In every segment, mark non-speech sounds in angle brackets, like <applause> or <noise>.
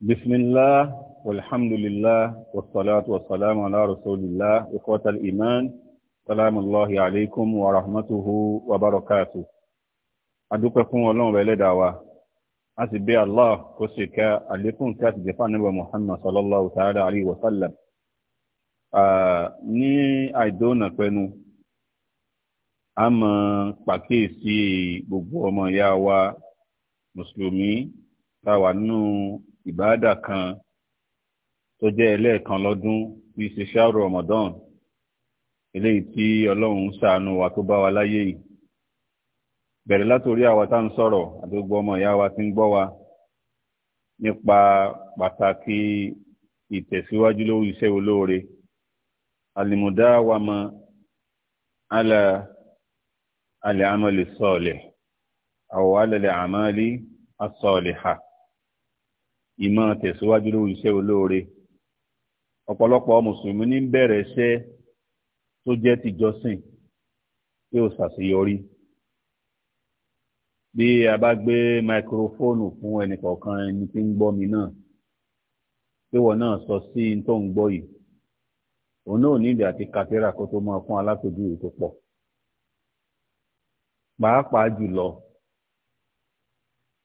بسم الله والحمد لله والصلاة والسلام على رسول الله إخوة الإيمان سلام الله عليكم ورحمته وبركاته adúpẹ́ fún ọlọ́run rẹ̀ lẹ́dàá wa a sì bẹ̀ allah kó sì ká àlékún kí a sì jẹ́fà níbẹ̀ muhammad sallallahu ta'ala alayhi wa sallam ní àìdóònà pẹnu a mọ̀ pàkíyèsí gbogbo ọmọ ìyá wa mùsùlùmí táwa nínú ìbáàdà kan tó jẹ́ ẹlẹ́ẹ̀kan lọ́dún tí í ṣe ṣáàrù Ramadan eléyìí tí ọlọ́run ń ṣàánú wa tó bá wa láyé yìí bẹ̀rẹ̀ látòrí àwa tá à ń sọ̀rọ̀ àdógbò ọmọ ìyá wa ti ń gbọ́ wa nípa pàtàkì ìtẹ̀síwájú lórí iṣẹ́ olóore wa mọ alẹ́ sọ̀ọ̀lẹ̀ àwọ̀ ìmọ̀ tẹ̀síwájú lórí iṣẹ́ olóore ọ̀pọ̀lọpọ̀ mùsùlùmí ní bẹ̀rẹ̀ iṣẹ́ tó jẹ́ tìjọsìn tí ó ṣàṣeyọrí bí a bá gbé máikrófóònù fún ẹnìkọ̀ọ̀kan ẹni tí ń gbọ́ mi náà pé wọ́n náà sọ sí n tó ń gbọ́ yìí òun náà nídìí àti kàtẹ́rà kó tó máa fún alákòjú tó pọ̀ pàápàá jùlọ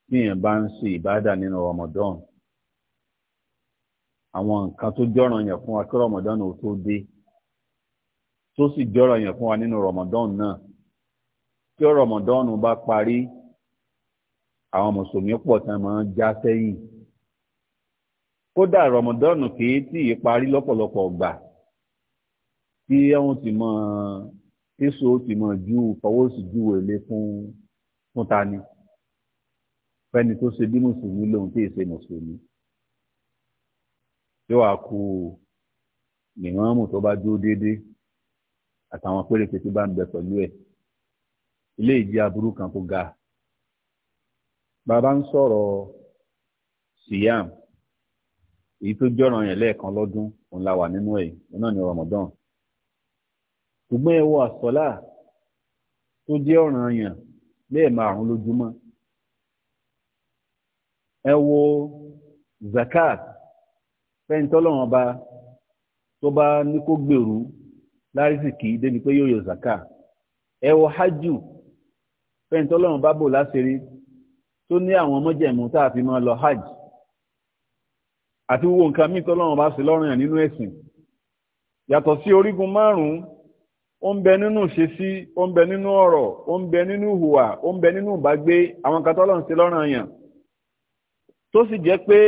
bí èèyàn bá ń ṣe ìbádà nínú Ramadan àwọn nǹkan tó jọ́ràn yẹn fún wa kí Ramadan ò tó dé tó sì jọ́ràn yẹn fún wa nínú Ramadan náà kí Ramadan bá parí àwọn mùsùlùmí pọ̀ tán máa ń já sẹ́yìn kódà Ramadan kì í tì í parí lọ́pọ̀lọpọ̀ ọgbà tí ẹ̀wọ̀n ti mọ èso ti mọ ju fọwọ́sì ju èlé fún fún ta ni fẹ́ni tó ṣe bí mùsùlùmí lòun tí ì ṣe mùsùlùmí yóò wá kú ìmáàmù tó bá dúró déédéé àtàwọn péréte tó bá ń bẹ pẹ̀lú ẹ̀ ilé ìjì aburú kan tó ga bàbá ń sọ̀rọ̀ siam èyí tó jọ̀ràn yẹn lẹ́ẹ̀kan lọ́dún òun la wà nínú ẹ̀ òun náà ní Ramadan ṣùgbọ́n ẹ wo àsọ̀lá tó jẹ́ ọ̀ràn yẹn lẹ́ẹ̀márùn lójúmọ́ ẹ wo zakat fẹ́ni tọ́lọ́wọ́n bá tó bá ní kó gbèrú lárísìkì débi pé yóò yọ zaka ẹ wọ hajj fẹ́ni tọ́lọ́wọ́n bá bò láṣẹrí tó ní àwọn mọ́jẹ̀mú tá a fi máa lọ hajj àti wo nǹkan míì tọ́lọ́wọ́n bá sí lọ́rùn yàn nínú ẹ̀sìn yàtọ̀ sí orígun márùn-ún ó ń bẹ nínú ìṣesí ó ń bẹ nínú ọ̀rọ̀ ó ń bẹ nínú ìhùwà ó ń bẹ nínú ìbágbé àwọn kan tọ́lọ́run sí lọ́rùn yàn tó sì jẹ́ pé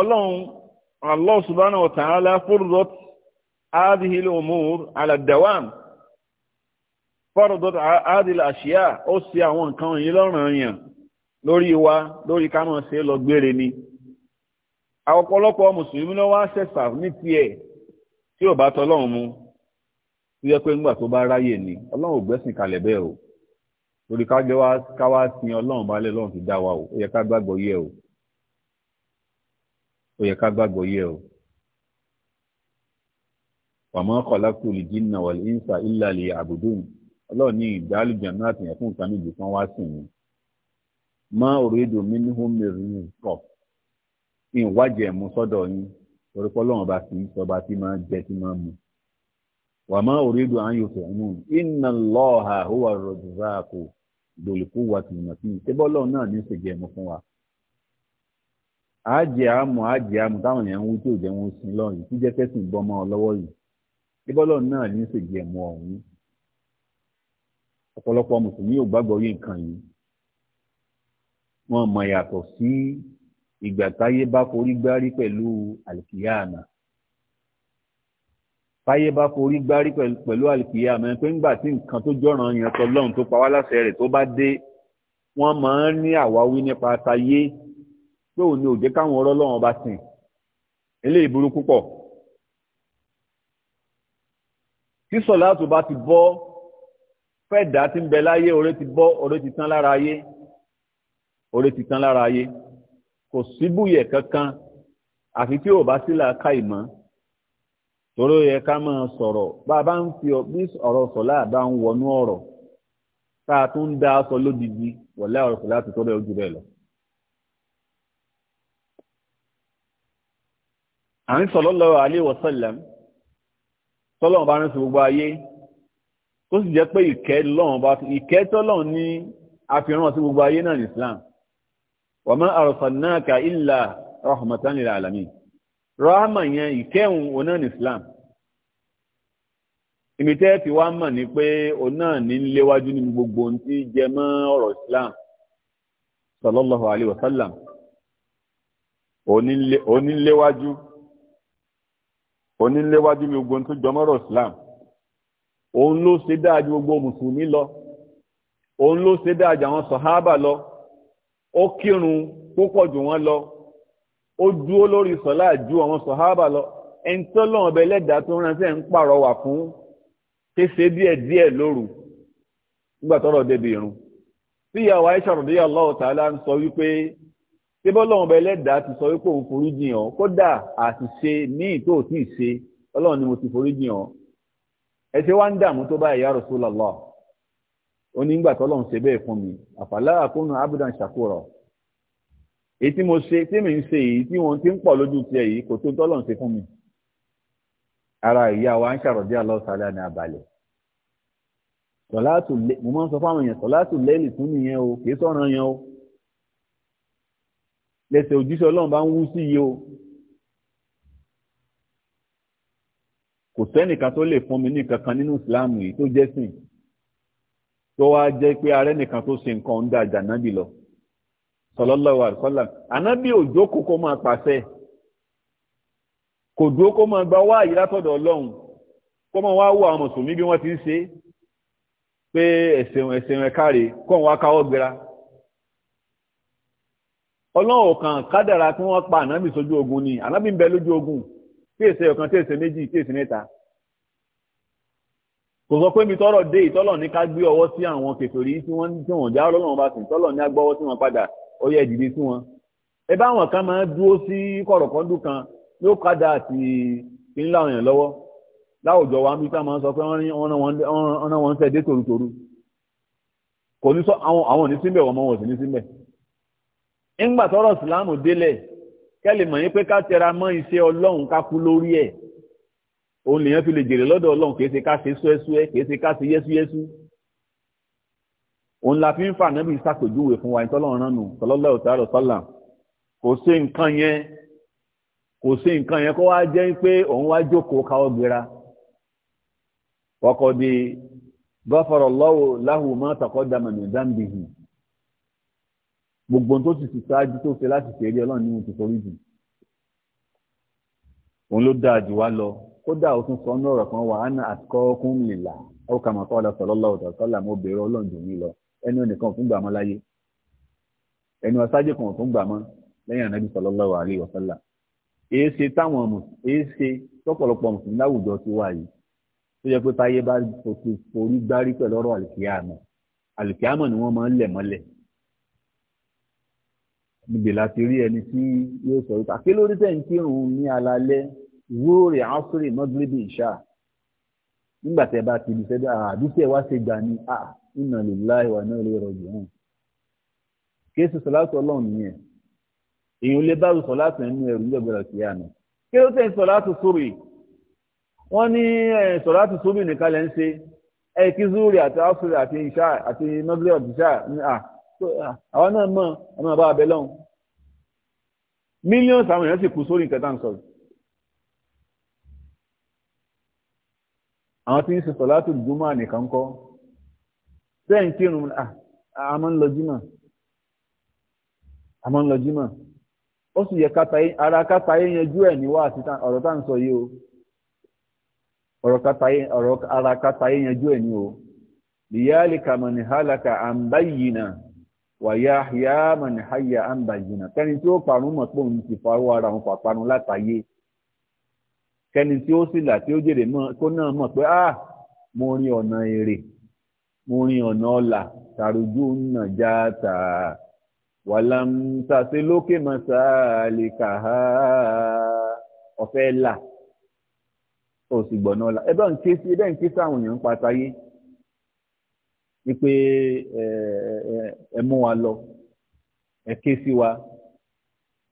ọlọ́run Allah subhanahu wa ta'ala furdat هذه الأمور على الدوام fọ́rọ̀dọ́ àádìlà àṣíyà ó sì àwọn nǹkan yìí lọ́rùn èèyàn lórí wa lórí ká máa ṣe lọ gbére ni ọ̀pọ̀lọpọ̀ mùsùlùmí ló wá ṣẹ̀ṣà ní tiẹ̀ tí ò bá tọlọ́run mu tó yẹ pé nígbà tó bá ráyè ni ọlọ́run ò gbẹ́sìn kalẹ̀ bẹ́ẹ̀ o lórí ká jẹ́ wá ká wá sin ọlọ́run balẹ̀ lọ́run ti dá wa o ó yẹ ká gbàgbọ́ yẹ o ó yẹ ká gbàgbọ́ yẹ o wàmọ́ kọ̀lákù lè dín náà wọ̀lẹ̀ ìnsà ìlà lè àbùdùn ọlọ́run ní ìdálùjọ náà tìyàn fún nǹkan méjì kan wá sí mi má òrèdò mi ní homer ní pọ̀ kí n wájẹ̀ mú sọ́dọ̀ yín torí ọlọ́run bá kì sọba tí máa jẹ tí máa mu wàmọ́ òrèdò àyùn fẹ̀mú iná lọ́ọ̀hà hùwà rọ̀dùzáàkù dòlùkú wà tìǹbù sí i ṣé náà ní í ṣèjẹ̀mú fún wa àájẹ àmọ́ àájẹ àmọ́ táwọn èèyàn ń wí tí ò jẹ́ wọn sin lọ́rùn tí jẹ́ kẹ́sìn bọ́ mọ́ ọ lọ́wọ́ yìí bíbọ́lọ̀ náà ní ṣèjì ẹ̀mọ́ ọ̀hún ọ̀pọ̀lọpọ̀ mùsùlùmí ò gbàgbọ́ yìí nǹkan yìí wọ́n mọ̀ yàtọ̀ sí ìgbà táyé bá forí gbárí pẹ̀lú àlìkìyàmà táyé bá forí gbárí pẹ̀lú àlìkìyàmà pé ńgbà tí nǹkan tó jọ̀ràn yẹn tọ́lọ́run tó pa wá láṣẹ rẹ̀ tó bá dé wọ́n máa ń ní àwáwí nípa táyé pé òun ni ò jẹ́ káwọn ọ̀rọ̀ lọ́wọ́n bá sìn eléyìí burú púpọ̀ tí sọ̀láàtù bá ti bọ́ fẹ́ẹ̀dá tí ń bẹ láyé oore ti bọ́ oore ti tán lára ayé oore ti tán lára ayé kò síbùyẹ̀ kankan àfi tí ò bá sí làákà ìmọ̀ tóró yẹ ká máa sọ̀rọ̀ bá a bá ń fi bí ọ̀rọ̀ sọ̀lá bá ń wọnú ọ̀rọ̀ tá a tún dá aṣọ lódìdí wọ̀lẹ́ ọ̀rọ̀ sọ̀lá ti tó bẹ́ẹ̀ ojú bẹ́ẹ̀ lọ. àní sallallahu alaihi wasallam tọ́lọ́run bá rán sí gbogbo ayé tó sì jẹ́ pé ìkẹ́ lọ́run bá ìkẹ́ tọ́lọ́run ní àfihàn sí gbogbo ayé náà Islam ma arsalnaka illa rahmatan lil alamin rahama yẹn ìkẹ́hùn oná ní Islam ibi ti wá mọ̀ ni pé oná ní léwájú gbogbo ohun tí jẹ mọ́ ọ̀rọ̀ Islam oníléwájú mi gbogbo tó jọmọ́rọ̀ islam òun ló ṣe dáa gbogbo mùsùlùmí lọ òun ló ṣe dáa àwọn lọ ó kírun púpọ̀ jù wọ́n lọ ó dúó lórí sọ̀lá ju àwọn sọ̀hábà lọ ẹni tó lọ́wọ́ ọbẹ̀ lẹ́dàá tó ránṣẹ́ ń pàrọwà fún kéṣe díẹ̀ díẹ̀ lóru nígbà tọ́rọ̀ débi irun tíyàwó aisha rọ̀díyà lọ́wọ́ tààlà ń síbí ọlọ́run ọba ẹlẹ́dàá ti sọ wípé òun forí jìn ọ́ kódà àṣìṣe ní ìtò tí ì ọlọ́run ni mo ti forí jìn ọ́ ẹ ṣe wá ń dààmú tó bá ya Rasulullah ó ní ìgbà tọ́lọ́run ṣe bẹ́ẹ̀ fún mi àfàlà àkóónú abudan shakura èyí tí mo ṣe tí mi ń ṣe èyí tí wọn ti ń pọ̀ lójú tiẹ̀ yìí kò tó tọ́lọ́run ṣe fún mi ara ìyá wa ń ṣàròdí àlọ́sàlẹ̀ ní abalẹ̀ sọ̀látù mo máa ń sọ fáwọn èèyàn sọ̀látù lẹ́lì tún nìyẹn o lẹ́sẹ̀ òjíṣẹ́ ọlọ́run bá ń wú sí yìí o kò sẹ́nìkan tó lè fún mi ní kankan nínú ìsìláàmù yìí tó jẹ́ sìn tó wá jẹ́ pé ààrẹ nìkan tó ṣe nǹkan ń da àjànábì lọ sallallahu alaihi wasallam ànábì ò jókòó kó máa pàṣẹ kò dúró kó máa gba wáàyí látọ̀dọ̀ ọlọ́run kó máa wá wo àwọn mùsùlùmí bí wọ́n ti ń ṣe pé ẹ̀sìn ẹ̀sìn ẹ̀káre kóun wá káwọ́ gbéra ọlọ́run kan kádàrà kí wọ́n pa ànábì sójú ogun ni ànábì ń bẹ lójú ogun tí èsè ọ̀kan tí èsè méjì tí èsè mẹ́ta kò sọ pé mi tọrọ dé ìtọ́lọ̀ ní ká gbé ọwọ́ sí àwọn kèfèrí tí wọ́n tí wọ́n já ọlọ́run bá sùn tọ́lọ̀ ní agbọ́wọ́ sí wọn padà ó yẹ ìdílé sí wọn ẹ bá àwọn kan máa dúró sí kọ̀rọ̀kọ́dún kan yóò kádà àti ńlá ọ̀yàn lọ́wọ́ láwùjọ wa bí táwọn sọ pé wọ́n rán wọn ń fẹ́ dé tòrútòrú kò ní sọ àwọn ò ní síbẹ̀ wọn mọ́ wọn ò sì ní síbẹ̀ ńgbà tọ́rọ̀ ìsìláàmù délẹ̀ kẹ́lì mọ̀ yín pé ká tẹra mọ́ iṣẹ́ ọlọ́run ká kú lórí ẹ̀ òun lèèyàn fi lè jèrè lọ́dọ̀ ọlọ́run kìí ṣe ká ṣe súẹ́súẹ́ kìí ṣe ká ṣe yẹ́súyẹ́sú òun la fi ń fà nábì ṣàpèjúwe fún wa ìtọ́lọ́run rán nù sallallahu ta'ala sallam kò sí nǹkan yẹn kò sí nǹkan yẹn kó wá jẹ́ pé òun wá jókòó káwọ́ gbéra ọkọ̀ di ghafarallahu lahu ma taqaddama min gbogbo tó ti ti ṣáájú tó ṣe láti ṣeré ọlọ́run ní ti forí jù òun ló dáa jù wá lọ kódà ó tún sọ ní ọ̀rọ̀ kan wà á ná àtikọ́kún lìlà ó kà máa kọ́ ọ́ sallallahu alaihi wasallam mo bèrè ọlọ́run jù mí lọ ẹni onìkan fún gbàmọ́ láyé ẹni ọ̀sájú kan fún gbàmọ́ lẹ́yìn ànábì sallallahu alaihi wasallam èé ṣe táwọn níbi láti rí ẹni tí yóò sọ wípé àkè lórí tẹ̀ ń kírun ní alalẹ́ wóòrè ásórè mọ́gíríbì ìṣá nígbà tẹ́ bá ti dìṣẹ́ dá àdúgbò ẹ̀ wá ṣe gbà ní à inna lillahi wa inna ilayhi raji'un kéésì sọ̀láṣọ ọlọ́run nìyẹn èèyàn lè bá sọ̀láṣọ ẹnu ẹ̀rù nígbàgbọ́dọ̀ sí àná kí ló tẹ̀ ń sọ̀láṣọ sórí wọ́n ní sọ̀láṣọ sórí nìkan lẹ́ ń ṣe ẹ̀ kí zúrì àti ásórè àti ìṣá àti mọ́gíríbì ìṣá ní à àwọn náà mọ̀ àwọn àbá abẹ lọ́hùn millions àwọn èèyàn sì kú sórí nǹkan tá à ń sọ̀rọ̀ àwọn tí ń ṣe sọ̀látù jùmọ̀ nìkan kọ́ sẹ́yìn kírun àmọ́ ń lọ jímọ̀ àmọ́ ń lọ jímọ̀ ó sì yẹ ara káta yé yanjú ẹ̀ níwá àti ọ̀rọ̀ tá à ń sọ yìí o ọ̀rọ̀ ara káta yé yanjú ẹ̀ ní o lìyálì kàmọ̀ ní hálàkà àǹbáyìí náà wàyáhíá mànìháyà àǹbàjìnà kẹni tí ó parun mọ̀ pé òun ti farú ara òun pàparun látàyè kẹni tí ó sì là tí ó jèrè tó náà mọ̀ pé ah mo rin ọ̀nà èrè mo rin ọ̀nà ọ̀là tàrójú nà já tà wàlámùtàsí lókè màsàlì kàá ọ̀fẹ́ là ó sì gbọ̀nà ọ̀là ẹ bá ń ké sí ẹ bá ń ké sí èèyàn ń pa tayé wípé ẹ mú wa lọ ẹ ké sí wa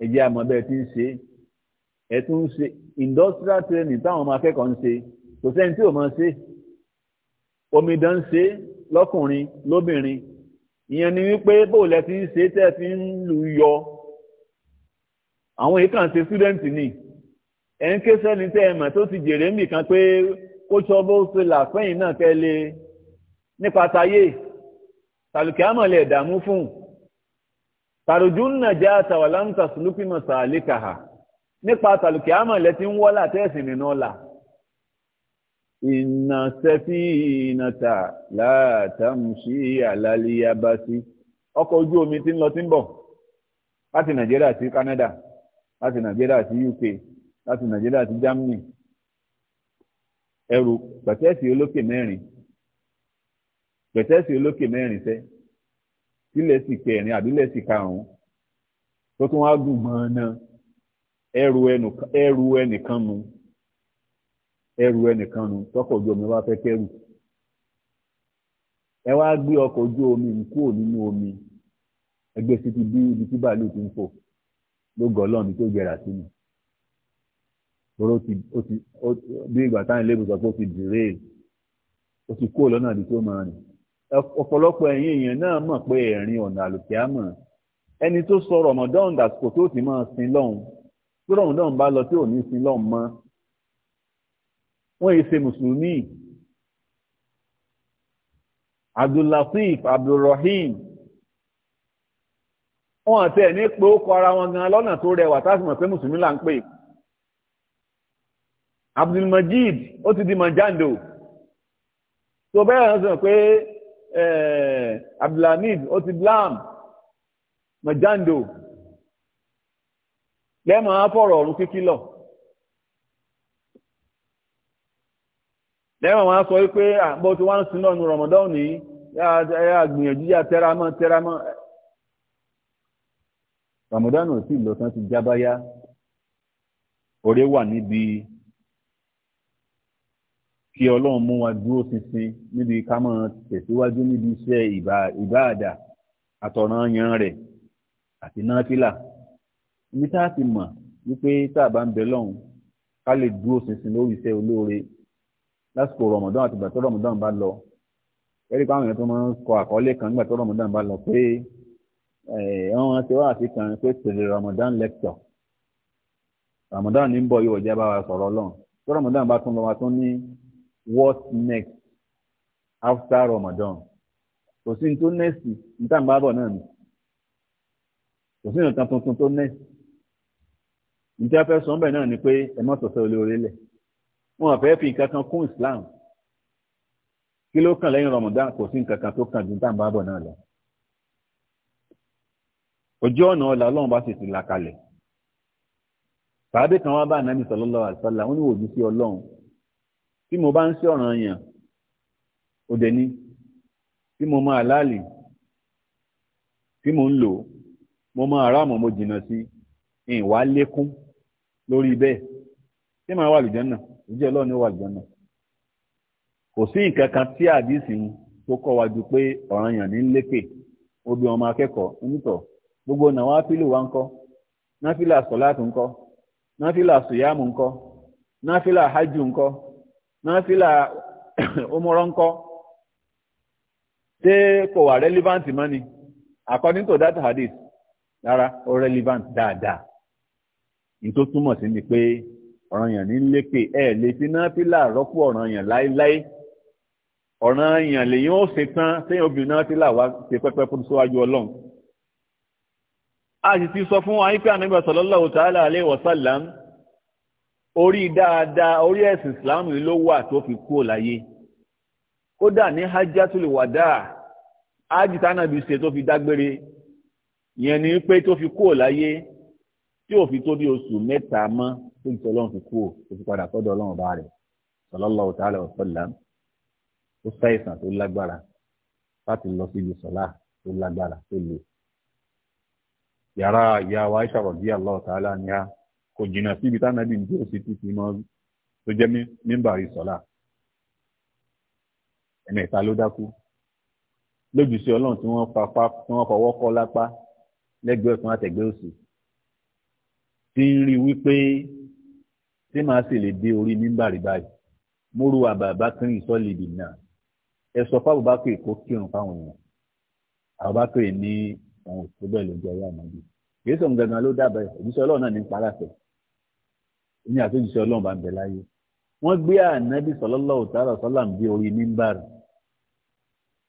ẹ jẹ́ àmọ́ bẹ́ẹ̀ tí ń ṣe ẹ tún ń ṣe industrial training táwọn ọmọ akẹ́kọ̀ọ́ ń ṣe kò sẹ́ni tí ò mọ̀ ṣe omidan ń ṣe lọ́kùnrin lóbìnrin ìyẹn ni wípé bóò lẹ ti ń ṣe tẹ́ fi ń lu yọ àwọn èèkàn ṣe student ni ẹ̀ ń ké sẹ́ni tẹ́ ẹ mọ̀ tó ti jèrè ń bì kan pé kó sọ bó ṣe là fẹ́yìn náà kẹ́ lè nípa tayé tàlùkìámọ̀ lè dààmú fún tàrùjú nàjà tàwàlámùtà sùlùkìmọ̀ sàálìkàhà nípa tàlùkìámọ̀ lẹ ti ń wọ́lá tẹ́ẹ̀sìn nínú ọ̀la ìnà sẹ́fí ìnàta látàmùsí àlàlíyàbásí ọkọ̀ ojú omi tí ń lọ tí ń bọ̀ láti nàìjíríà sí Canada láti nàìjíríà sí UK láti nàìjíríà sí Germany ẹrù pẹ̀tẹ́ẹ̀sì olókè mẹ́rin pẹ̀tẹ́sì olókè mẹ́rin sẹ́ sílẹ̀ sì kẹrin àbílẹ̀ sì karùn-ún tó tún wá gùn gan-an ẹrù ẹnìkan nu ẹrù ẹnìkan nu tọkọ̀ ojú omi wá fẹ́ kẹrù ẹ wá gbé ọkọ̀ ojú omi kúrò nínú omi ẹgbẹ́ sí ti bí ibi tí bàálù ti ń fò ló gọ́ ọlọ́ọ̀ni tó jẹrà sí mi toro ti o ti bí ìgbà táwọn ilé ìbùsọ̀ pé ó ti dìré ó ti kúrò lọ́nà àdìsí ó máa rìn ọ̀pọ̀lọpọ̀ ẹ̀yin èèyàn náà mọ̀ pé ẹ̀rin ọ̀nà àlùkìámọ̀ ẹni tó sọ rọ̀mọ̀dọ́n dàsìkò tó ti máa sin lọ́hùn tó rọ̀mọ̀dọ́n bá lọ tí ò ní sin lọ́hùn mọ́ wọ́n yìí ṣe mùsùlùmí abdullatif abdulrahim wọn àti ẹ̀ ní pé ó kọ ara wọn gan lọ́nà tó rẹwà tá mọ̀ pé mùsùlùmí là ń pè abdulmajid ó ti di manjando tó bẹ́ẹ̀ rán sọ pé Eh, abdulhamid ó ti blam mọ̀jáǹdò lẹ́mọ̀ á fọ̀rọ̀ ọ̀run kíkí lọ lẹ́mọ̀ wọn á sọ wípé àbọ̀ tí wọ́n ń sin lọ́nu rọ̀mọ̀dọ́n ní yáa gbìyànjú yáa tẹramọ́ tẹramọ́ rọ̀mọ̀dọ́n ò sì lọ tán ti jábáyá oore wà níbi kí ọlọ́run mú wa dúró ṣinṣin níbi ká máa tẹ̀síwájú níbi iṣẹ́ ìbáàdà àtọ̀ràn yan rẹ̀ àti náfìlà ibi tá a ti mọ̀ wípé tá a bá ń bẹ lọ́hùn ká lè dúró ṣinṣin lórí iṣẹ́ olóore lásìkò rọmọdán àti ìgbà tó rọmọdán bá lọ ẹ̀rí pàwọn èèyàn tó máa ń kọ àkọọ́lẹ̀ kan nígbà tó rọmọdán bá lọ pé ẹ̀wọ̀n ti wá àti kan pé tèrè rọmọdán lecture rọmọdán ní ń bọ̀ yóò jẹ́ bá wa sọ̀rọ̀ ọlọ́run tó rọmọdán bá tún lọ wa tún ní what next after Ramadan kò sí ní tó next níta ń bá bọ̀ náà ni kò sí nǹkan tuntun tó next níta fẹ́ sọ ọ́nbẹ̀ náà ni pé ẹ má sọ̀tọ̀ olóore lẹ̀ wọn àfẹ́ fi nǹkan kan kún Islam kí ló kàn lẹ́yìn Ramadan kò sí nǹkan kan tó kàn ju níta ń bá bọ̀ náà lọ ojú ọ̀nà ọ̀la ọlọ́run bá sì ti là kalẹ̀ tàbí kan wá bá nàbì sallallahu alaihi wasallam wọn ní òbí sí ọlọ́run tí mo bá ń sí ọ̀ràn yàn òde ní tí mo máa láàlì tí mo ń lò mo máa ráàmù mo jìnnà sí ìwà lékún lórí bẹ́ẹ̀ tí màá wà lùjọ́nà ìjẹ́ ọlọ́run ní wà kò sí nǹkan kan tí àdìsí tó kọ́ pé ọ̀ràn ọmọ akẹ́kọ̀ọ́ onítọ̀ gbogbo wa ń kọ́ náfílà sọ̀láàtù ń kọ́ náfílà sùyàmù ń kọ́ náfìlà ọmọrọ́ńkọ́ <coughs> ṣé kò wà relevant mọ́ ni according to that hadith rárá ó relevant dáadáa ní tó túmọ̀ sí ni pé ọ̀ranyàn ní lépe ẹ̀ lè fi náfìlà rọ́pò ọ̀ranyàn láéláé ọ̀ranyàn lèyìn ó ṣe tán téèyàn obìnrin náfìlà wá ṣe pẹ́pẹ́ fún síwájú ọlọ́run a sì ti sọ fún wa yín pé ànábì sallallahu ta'ala alaihi wasallam orí dáadáa orí ẹ̀sìn ìsìláàmù yìí ló wà tó fi kúrò láyé kódà ní hajjatul wada ájì tánàbí ṣe tó fi dágbére yẹn ni pé tó fi kúrò láyé tí ò fi tó bí oṣù mẹ́ta mọ́ tó ti ọlọ́run fi kúrò tó fi padà sọ́dọ̀ ọlọ́run bá rẹ̀ sallallahu ta'ala wa sallam ó ṣàìsàn tó lágbára láti lọ síbi sọ̀lá tó lágbára tó le yàrá ìyá wa Aisha radiyallahu ta'ala anha kò jìnnà síbi tánàbí ní tí ó sì ti fi mọ́ tó jẹ́ mímbàrí sọ́lá ẹ̀mẹ̀ta ló dákú lójúṣe ọlọ́run tí wọ́n fapá tí wọ́n fọwọ́ kọ́ lápá lẹ́gbẹ̀ẹ́ ọ̀tún àtẹ̀gbẹ́ òsì tí ń rí wípé tí màá sì lè dé orí mímbàrí báyìí mo ru àbàbá kiri ìsọ́lì dìnnà ẹ sọ fún Abubakar kó kírun fáwọn èèyàn Abubakar ní òun ò tó bẹ́ẹ̀ lójú ayé àmọ́bí kìí sọ̀rọ̀ gangan ló dábàá ẹ̀ òjíṣẹ́ náà ní paráṣẹ ní àtúnṣe ọlọ́run bá ń bẹ láyé wọ́n gbé ànábì sallallahu ta'ala sallam bí orí mímbàrì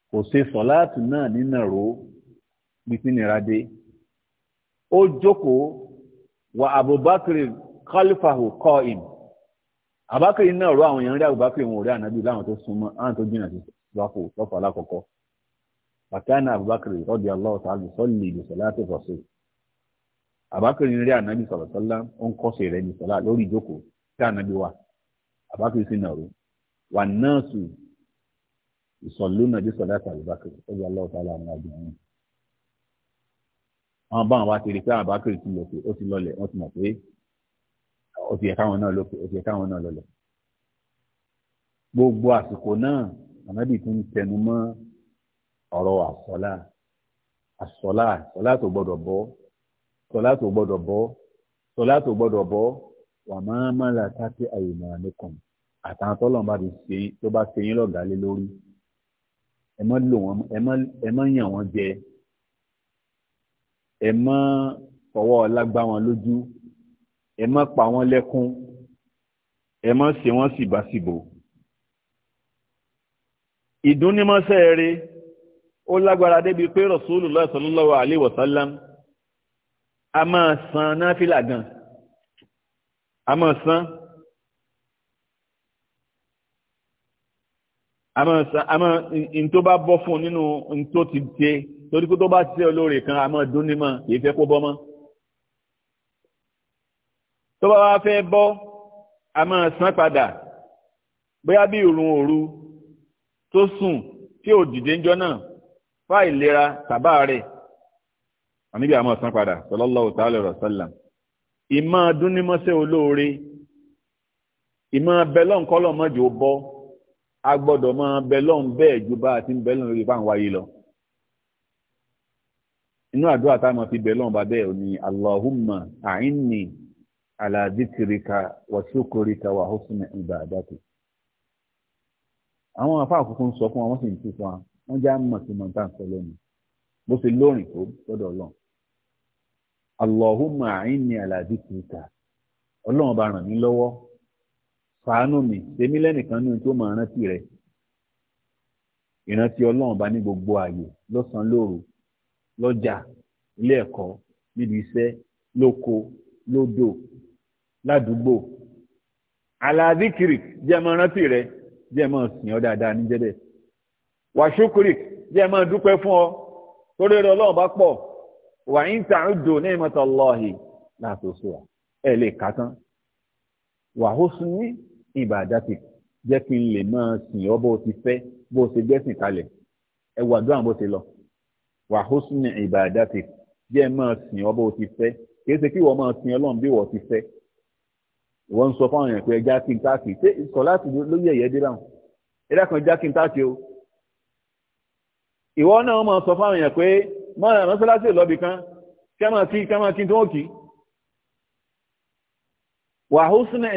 kò ṣe sọ̀láàtù náà nínàró gbísínìradé ó jókòó wa Abubakar khalifahu qa'im Abubakar náà rọ àwọn èèyàn rí Abubakar wọn ò rí ànábì láwọn tó súnmọ́ àwọn tó jìnnà sí lọ́pọ̀ lọ́pọ̀ alákọ̀ọ́kọ́ bàtánà Abubakar radiyallahu ta'ala salli bi àbákiri rí ànábì sọ̀rọ̀ sọ́lá ó ń kọ́sẹ̀ rẹ̀ ní sọ́lá lórí ìjókòó tí ànábì wà àbákiri sí nàró wà nọ́ọ̀sì ìsọ̀lú náà jésù ọ̀dà tàbí bákiri ó yà lọ́ọ̀tà láàrin àjọ yẹn. wọn bá wọn wá ti rí pé àbákiri ti lọ́ọ̀kì ó ti lọ́ọ̀lẹ̀ wọ́n ti mọ̀ pé ó ti yẹ káwọn náà lọ́ọ̀kì ó ti yẹ káwọn náà lọ́ọ̀lẹ̀. gbogbo àsìkò náà ànábì tún tẹnu ọ̀rọ̀ àsọ̀lá àsọ̀lá àsọ̀lá tó gbọ́dọ̀ bọ́ sọláàtò gbọ́dọ̀ bọ́ sọláàtò gbọ́dọ̀ bọ́ wà má má là káfí àyèmọ àlékún àtàwọn tọlọmọ bá ti ṣe tó bá ṣe yín lọgàá lé lórí ẹ má lò wọn ẹ má yàn wọn jẹ ẹ má fọwọ́ lágbá wọn lójú ẹ má pa wọn lẹ́kún ẹ má ṣe wọn síbàsíbò ìdúnnímọ́sẹ́ rẹ ó lágbára débi pé Rasulullah sallallahu alaihi wasallam a máa san náfìlà gan a máa san àmọ́ n tó bá bọ́ fún nínú n tó ti ṣe torí kó tó bá ṣe olóore kan àmọ́ dúnnímọ̀ kìí fẹ́ kó bọ́ mọ́ tó bá wá fẹ́ bọ́ àmọ́ san padà bóyá bí ìrun òru tó sùn tí ò dìde ńjọ́ náà fáìlera tàbá rẹ̀ àníbi àmọ́ ọ̀sán padà sallallahu ta'ala wa sallam ìmọ̀ dúnnímọ́sẹ́ olóore ìmọ̀ bẹlọ́n kọ́lọ̀ mọ́jọ bọ́ a gbọ́dọ̀ mọ́ bẹlọ́n bẹ́ẹ̀ ju bá a ti ń bẹlọ́n lórí lọ inú àdúrà táwọn fi bá bẹ́ẹ̀ ni Allahumma a'inni ala dhikrika wa shukrika àwọn wa wọ́n sì ń fún wa wọ́n já mọ̀ sí sọ lónìí bó ṣe tó Allahumma a'inni ala dhikrika ọlọ́run bá ràn mí lọ́wọ́ fàánù mi tèmi lẹ́nìkan ní ohun tó máa rántí rẹ̀ ìrántí ọlọ́run bá ní gbogbo ààyè lọ́sàn-án lóru lọ́jà ilé ẹ̀kọ́ níbi fún ọ torí wa in ta'uddu ni'mata Allahi la tuhsuha ẹ lè kà tán wa husni ibadatik jẹ́ kí n lè máa sìn ọ́ bó ti fẹ́ bó ṣe gbẹ́sìn kalẹ̀ ẹ wà dúrà bó ṣe lọ wa husni ibadatik jẹ́ máa sìn ọ́ bó ti fẹ́ kìí ṣe kí wọ́n máa sìn ọlọ́run bí wọ́n ti fẹ́ wọ́n ń sọ fáwọn èèyàn pé ẹja kí n ìkọ̀ láti ẹ̀yẹ́ mọ́ mọ́sálásí lọ́bì kan kẹ́mọ̀ kí kẹ́mọ̀ kí tó kí wàhúsùnà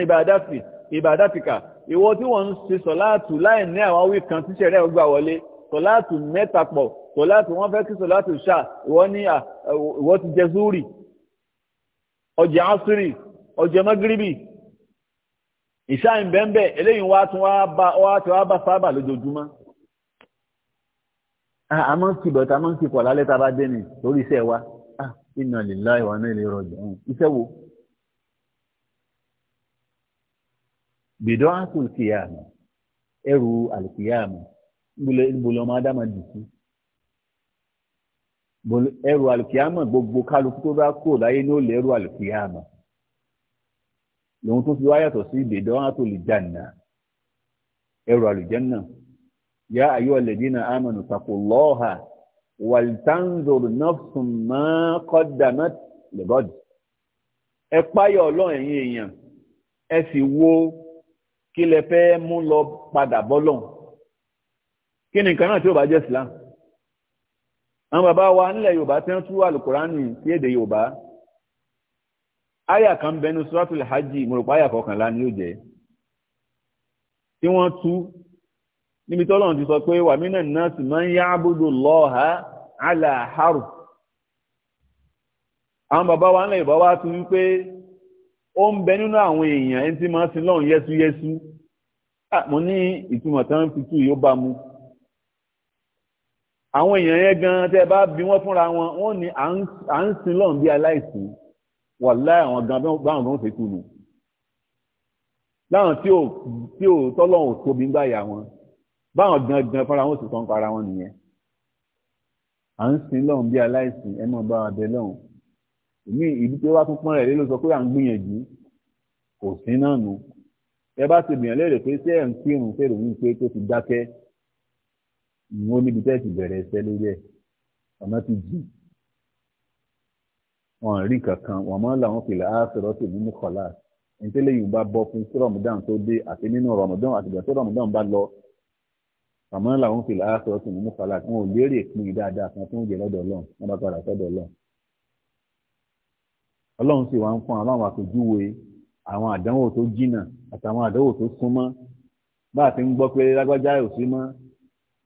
ìbàdàtìkà ìwọ tí wọ́n ń ṣe sọ̀láàtù láì ní àwọn wí kan tí ṣẹ̀rẹ́ ọgbà wọlé sọ̀láàtù mẹ́ta pọ̀ sọ̀láàtù wọ́n fẹ́ kí sọ̀láàtù ṣà ìwọ ní ìwọ ti jẹ zúrì ọjà asiri ọjà magribi ìṣá ìbẹ́ńbẹ́ eléyìí wá tún wá bá sábà lójoojúmọ́ a máa ń kì bọ̀tà a máa ń kì pọ̀ lálẹ́ tá a bá dé ni lórí iṣẹ́ wa inna lillahi wa inna ilayhi raji'un iṣẹ́ wo. bìdọ́ àkùnkìyàmù ẹrù àlùkìyàmù gbolo ọmọ adama dùkú ẹrù àlùkìyàmù gbogbo kálukú tó bá kó láyé ní ó lè ẹrù àlùkìyàmù lòun tó fi wáyàtọ̀ sí bìdọ́ àtòlìjànà ẹrù àlùjànà يا أيها الذين آمنوا taqullaha الله nafsun نفس ما قدمت ẹ páyọ̀ ọlọ́run ẹ̀yin èèyàn ẹ sì wo kí lẹ fẹ́ mú lọ padà bọ́lọ̀ kí ni nǹkan náà tí ó bá jẹ́ Islam àwọn bàbá wa nílẹ̀ Yorùbá tí wọ́n tú alukurani sí èdè Yorùbá àyà kan bẹnu suratul hajj mo rò pé àyà kọkànlá ni yóò jẹ́ tí wọ́n tú níbi tí ọlọ́run ti sọ pé wà mínà náà sì máa ń yá àbúdó lọ́ha aláhàrù àwọn bàbá wa ńlẹ̀ ìbáwá ti wí pé ó ń bẹ nínú àwọn èèyàn ẹni tí máa ń sin lọ́run yẹ́súyẹ́sú ah, mo ní ìtumọ̀ tán fi tú yóò bá mu àwọn èèyàn yẹn gan tẹ́ bá bí wọ́n fúnra wọn wọ́n ní à ń sin lọ́run bí aláìsí wà láì àwọn gan báwọn gan ṣe túnu láwọn tí ò tọ́lọ́run ò tóbi ń gbáyà wọn báwọn gangan fara wọn sì tán para wọn nìyẹn à ń sin lọ́hùn bí aláìsìn ẹ máa bá wọn bẹ lọ́hùn èmi ìdí pé wá tún pọ́n rẹ̀ lé ló sọ pé à ń gbìyànjú kò sí náà nu ẹ bá ti gbìyànjú lérè pé ṣé ẹ̀ ń kírun fèrè yín pé tó ti dákẹ́ ìwọ níbi tẹ́ ti bẹ̀rẹ̀ ẹsẹ̀ lórí ẹ̀ ọ̀nà ti jì wọn rí kankan wọn máa ń làwọn fìlà áṣọrọ sí nínú kọlá ntẹ́lẹ̀ yìí bá bọ́ fún sí rọ̀mùdán tó dé àti nínú rọ̀mùdán àtìgbà tó rọ̀mùdán bá lọ àmọ́ làwọn fi làá sọ sí nínú fàlà wọn ò léèrè ìpín dáadáa kan tó ń jẹ lọ́dọ̀ ọlọ́run wọn bá padà sọ́dọ̀ ọlọ́run ọlọ́run sì wá ń fún àwọn àpèjúwe àwọn àdánwò tó jìnnà àtàwọn àdánwò tó súnmọ́ bá a ti ń gbọ́ pé lágbájá ò sí mọ́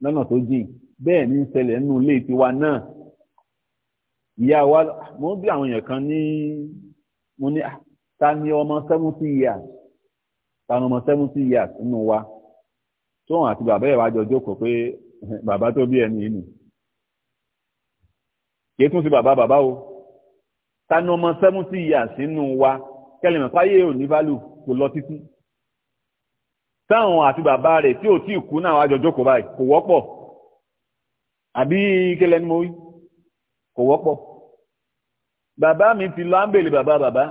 lọ́nà tó jìn bẹ́ẹ̀ ní ṣẹlẹ̀ nínú ilé tiwa náà ìyá wa mo bí àwọn èèyàn kan ní mo ní ah, ta ni ọmọ seventy years ta ni ọmọ seventy years nínú wa tóun àti bàbá ẹ̀ wá jọ jókòó pé bàbá tó bí ẹni nù kì í tún sí bàbá bàbá o tani ọmọ seventy years nínú wa kẹlẹ̀mọ̀ fáyé ò ní value kò lọ títí táwọn àti bàbá rẹ̀ tí ò tí ì kú náà wá jọ jókòó báyìí kò wọ́pọ̀ àbí kẹlẹ̀ ni mo wí kò wọ́pọ̀ bàbá mi ti lọ à ń bèèrè bàbá bàbá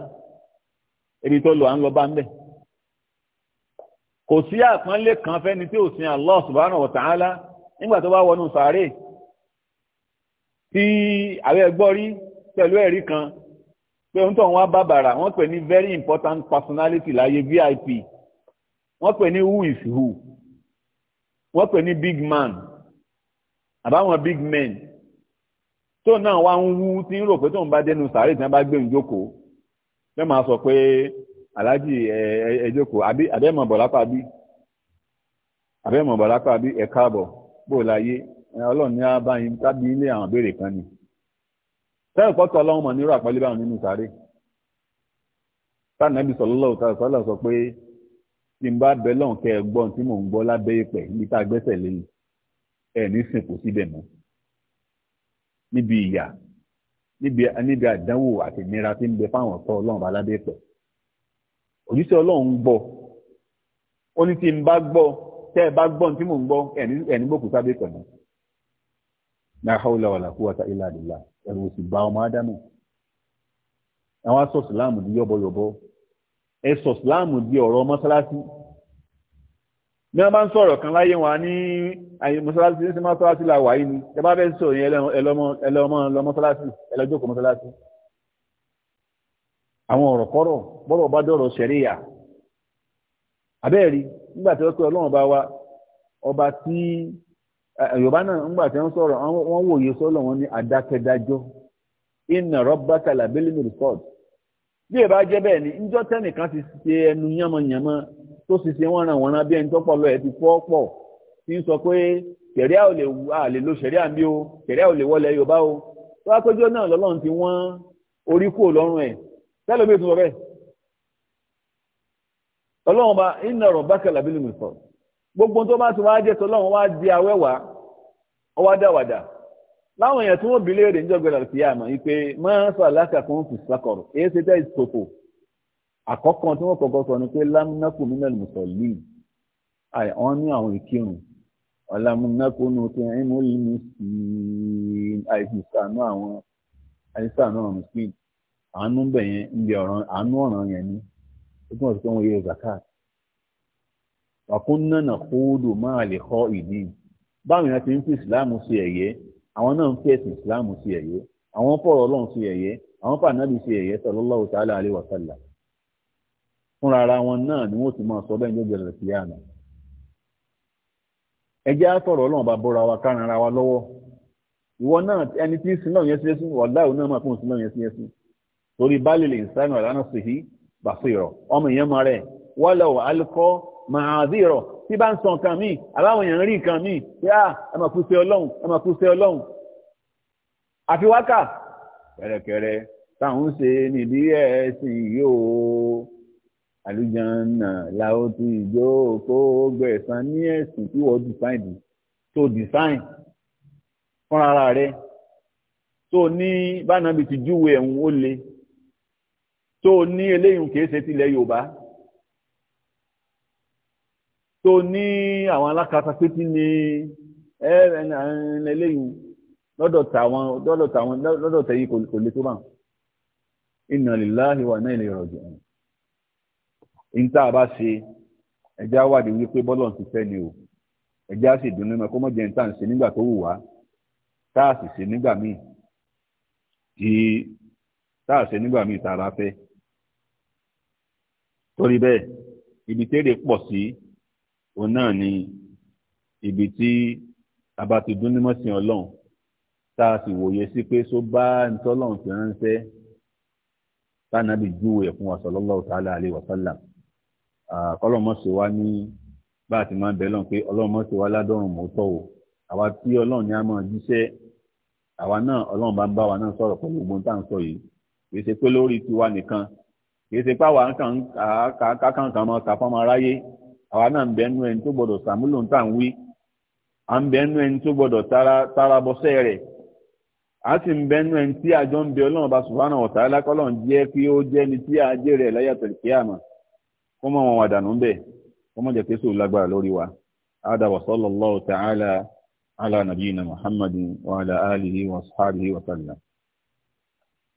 ebi tó lọ à ń lọ bá ń bẹ̀ẹ́ kò sí àpọ́nlé kan fẹ́ni tí ò sin Allah subhanahu wa ta'ala nígbà tó bá wọnú sàárè tí àwọn ẹgbọ́ rí pẹ̀lú ẹ̀rí kan pé ń tọ̀ wọ́n bá bàrà wọ́n pè ní very important personality láyé VIP wọ́n pè ní who is who wọ́n pè ní big man àbáwọn big men tó náà wá ń wú tí ń rò pé tóun bá dénú sàárè tí wọ́n bá gbé ìjókòó fẹ́ máa sọ pé aláàjì ẹ jókòó àbí àbẹ́mọ̀ bọ̀ lápá bí àbẹ́mọ̀ bọ̀ lápá bí ẹ káàbọ̀ bó láyé ọlọ́run ní abáyé tábí ilé àwọn béèrè kan ni sẹ́yìn pọ́tọ́ ọlọ́run mọ̀ nírú àpẹẹlẹ́ báwọn nínú sáré sànàbí sọlọ́lọ́ òtá sọlọ́ sọ pé tí n bá bẹ lọ́hùn kẹ́ ẹ gbọ́n tí mò ń gbọ́ lábẹ́ ìpẹ́ níbi tá a gbẹ́sẹ̀ lé ẹ ní sìnkú síbẹ̀ mọ́ níbi ìyà níbi àdánwò àti ìnira tí ń bẹ fáwọn ọ̀tọ́ ọlọ́run bá lábẹ́ ìpẹ́ òjíṣẹ́ ọlọ́run ń gbọ́ ó ní tí n bá gbọ́ tẹ́ ẹ bá gbọ́ tí mò ń gbọ́ ẹ̀ní gbòkú sábẹ́ pẹ̀lú náà haúlá wàlà kú wàtà ilà àdìlà ẹ̀rù òsì bá ọmọ ádámù àwọn sọ sùlámù di yọ̀bọ̀yọ̀bọ̀ ẹ sọ sùlámù di ọ̀rọ̀ mọ́sálásí ní wọ́n bá ń sọ̀rọ̀ kan láyé wọn ní mọ́sálásí ní mọ́sálásí làwà ni ẹ bá fẹ́ sọ̀rọ̀ yẹn ẹlọ́mọ́sálásí ẹlọ́jókòó mọ́sálásí àwọn ọ̀rọ̀ kọ́rọ̀ bọ́rọ̀ bá dọ̀rọ̀ ṣẹ̀ríyà abẹ́ẹ̀rí nígbà tí wọ́n pé ọlọ́run bá wa ọba tí yorùbá náà nígbà tí wọ́n sọ̀rọ̀ wọ́n wòye sọ́lọ̀ wọn ní adákẹ́dájọ́ iná rọ́bà kàlà bẹ́lí mi rìpọ́t bí ẹ bá jẹ́ bẹ́ẹ̀ ni ńjọ́ tẹ́nìkan ti ṣe ẹnu yánmọ́yánmọ́ tó sì ṣe wọ́n ràn wọ́n rán bí ẹni tọ́pọ̀ lọ ẹ̀ ti fọ́ pọ̀ tí ń sọ pé ṣẹ̀ríà ò lè àlè lo ṣẹ̀ríà ń bí o ṣẹ̀ríà ò lè wọlé yorùbá o tó wá péjọ náà lọ́lọ́run ti wọ́n orí kúrò lọ́rùn ẹ̀ sẹ́lẹ̀ bí ìtumọ̀ bẹ́ẹ̀ ọlọ́run bá iná ọ̀rọ̀ bá kẹlẹ̀ bí lùmìsọ̀ gbogbo tó bá ti wá jẹ́ tọ́lọ́run wá di awẹ́wà ọwá dáwàdà láwọn èèyàn tí wọ́n bi léèrè níjọ́ gbẹdọ̀ sí àmọ́ ìpè máa sọ àlàkà kan kù sákọ̀rọ̀ èyí ṣe tẹ́ ìsòkò àkọ́kọ́ tí wọ́n kọ́kọ́ sọ ni pé lámúnákù nínú ìmùsọ̀ yìí àwọn ní àwọn ìkírun ọ̀làmúnákù nù tí wọ́n mú ìmú sí àìsàn àwọn àìsàn àwọn mùsùlùmí àánú bẹ̀ yẹn ń bẹ ọ̀ràn àánú ya yẹn ni ó túmọ̀ sí pé wọ́n yẹ zakat wàkúnná nà kóódù máa ti ń fi ìsìláàmù sí àwọn náà ń fi ẹ̀sìn si sí àwọn fọ̀rọ̀ ọlọ́run sí àwọn fàànàbì si ẹ̀yẹ sallallahu ta'ala alaihi wa fúnra ara wọn náà ni ti máa sọ àná bá wa torí báàlì lè sáré ọ̀rọ̀ lánàá sèhí bàṣírọ̀ ọmọ èèyàn mọ rẹ̀ wọ́n lọ wà alùkọ́ màádìrọ̀ tí bá ń sọ nǹkan míì àbáwọn èèyàn rí nǹkan míì pé à ah, ẹ mà kú sí ọlọ́run ẹ mà kú sí ọlọ́run àfi wákà kẹrẹkẹrẹ táwọn ń ṣe nídí ẹ̀sìn yóò àlùjánnà làwọn ti jókòó gbẹ̀sán ní ẹ̀sìn tí wọ́n dìsáìn tó dìsáìn fúnra rẹ̀ tó ní bánàbì ti júwe ẹ̀hún ó le tó ní eléyìí kìí ṣe tilẹ̀ Yorùbá tó ní àwọn alákatakítí ní eléyìí lọ́dọ̀ tàwọn lọ́dọ̀ tàwọn lọ́dọ̀ tẹ̀yìn kò lè tó bá inna lillahi wa inna ilayhi raji'un ìta bá ṣe ẹjá wádìí wípé bọ́lọ̀ ti fẹ́ ni o ẹjá sì dùn nínú ẹkọ́ mọ́jẹ́ níta ń ṣe nígbà tó wù wá táà sì ṣe nígbà míì tí táà ṣe nígbà míì tààrà fẹ́ torí bẹ́ẹ̀ ibi tèrè pọ̀ sí òun náà ni ibi tí a bá ti dún nímọ̀ sí ọlọ́run tá a sì wòye sí pé só bá ntọ́lọ́run ti ránṣẹ́ tánàbì júwe ẹ̀fún wa sallallahu ta'ala alaihi wa sallam kọ́lọ́mọ́sí wa ní bá a ti máa bẹ̀ lọ́n pé ọlọ́mọ́sí wa ládọ́rùn mọ́tọ́ o àwa tí ọlọ́run ní a máa jíṣẹ́ àwa náà ọlọ́run bá ń bá wa náà sọ̀rọ̀ pẹ̀lú gbogbo tá à ń sọ yìí kì pé lórí tiwa nìkan kìí ṣe páwa nǹkan kákan kan mọ kà fọmọ aráyé àwa náà ń bẹ nú ẹni tó gbọdọ̀ sàmúlò ń tà ń wí à ń nú ẹni tara bọ́sẹ̀ rẹ̀ a sì ń bẹ nú ẹni tí àjọ ń bẹ ọlọ́run bá sùfánà ọ̀tá alákọ́lọ́ ń jẹ́ kí ó jẹ́ ni tí rẹ̀ kí kó mọ̀ ta'ala ala muhammadin